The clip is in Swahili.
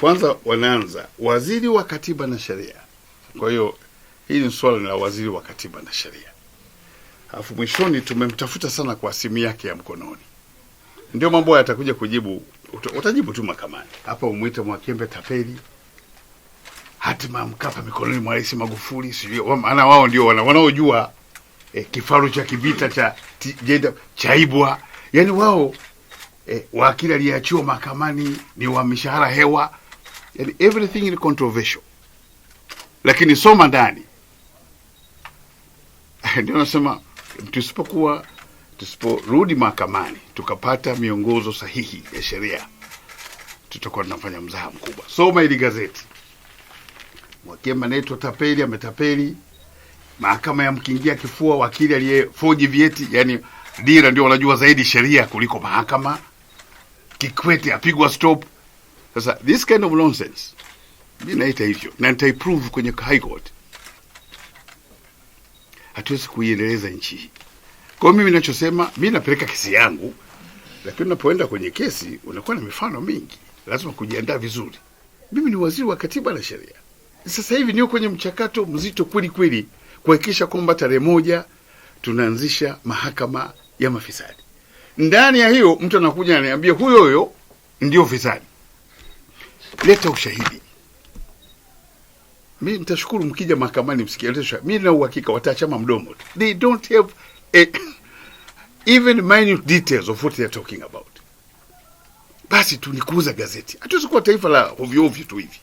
kwanza wanaanza waziri wa katiba na sheria. Kwa hiyo hili ni swala la waziri wa katiba na sheria, alafu mwishoni tumemtafuta sana kwa simu yake ya mkononi. Ndio mambo haya atakuja kujibu, utajibu tu mahakamani. Hapa umwite Mwakembe tapeli, hatima Mkapa mikononi mwa Rais Magufuli, sijui maana wao ndio wanaojua eh, kifaru cha kivita cha jenda chaibwa, yani wao eh, waakili aliyeachiwa mahakamani ni wa mishahara hewa yani everything is controversial, lakini soma ndani. Ndio nasema tusipokuwa tusiporudi mahakamani tukapata miongozo sahihi ya sheria tutakuwa tunafanya mzaha mkubwa. Soma ili gazeti. Mwakyemba anaitwa tapeli, ametapeli. Mahakama mkingia kifua wakili aliyefoji vyeti, yani Dira ndio wanajua zaidi sheria kuliko mahakama. Kikwete apigwa stop. Sasa this kind of nonsense mi naita hivyo na nitaiprove kwenye high court. Hatuwezi kuiendeleza nchi hii. Kwa hiyo mimi ninachosema, mi napeleka kesi yangu, lakini unapoenda kwenye kesi unakuwa na mifano mingi, lazima kujiandaa vizuri. Mimi ni waziri wa katiba na sheria, sasa hivi niko kwenye mchakato mzito kweli kweli kuhakikisha kwamba tarehe moja tunaanzisha mahakama ya mafisadi. Ndani ya hiyo mtu anakuja ananiambia huyo huyo ndio fisadi leta ushahidi. Mi nitashukuru mkija mahakamani msikialete Mi na uhakika watachama mdomo they don't have a, even minute details of what they are talking about. Basi tu ni kuuza gazeti. Hatuwezi kuwa taifa la ovyo ovyo tu hivi.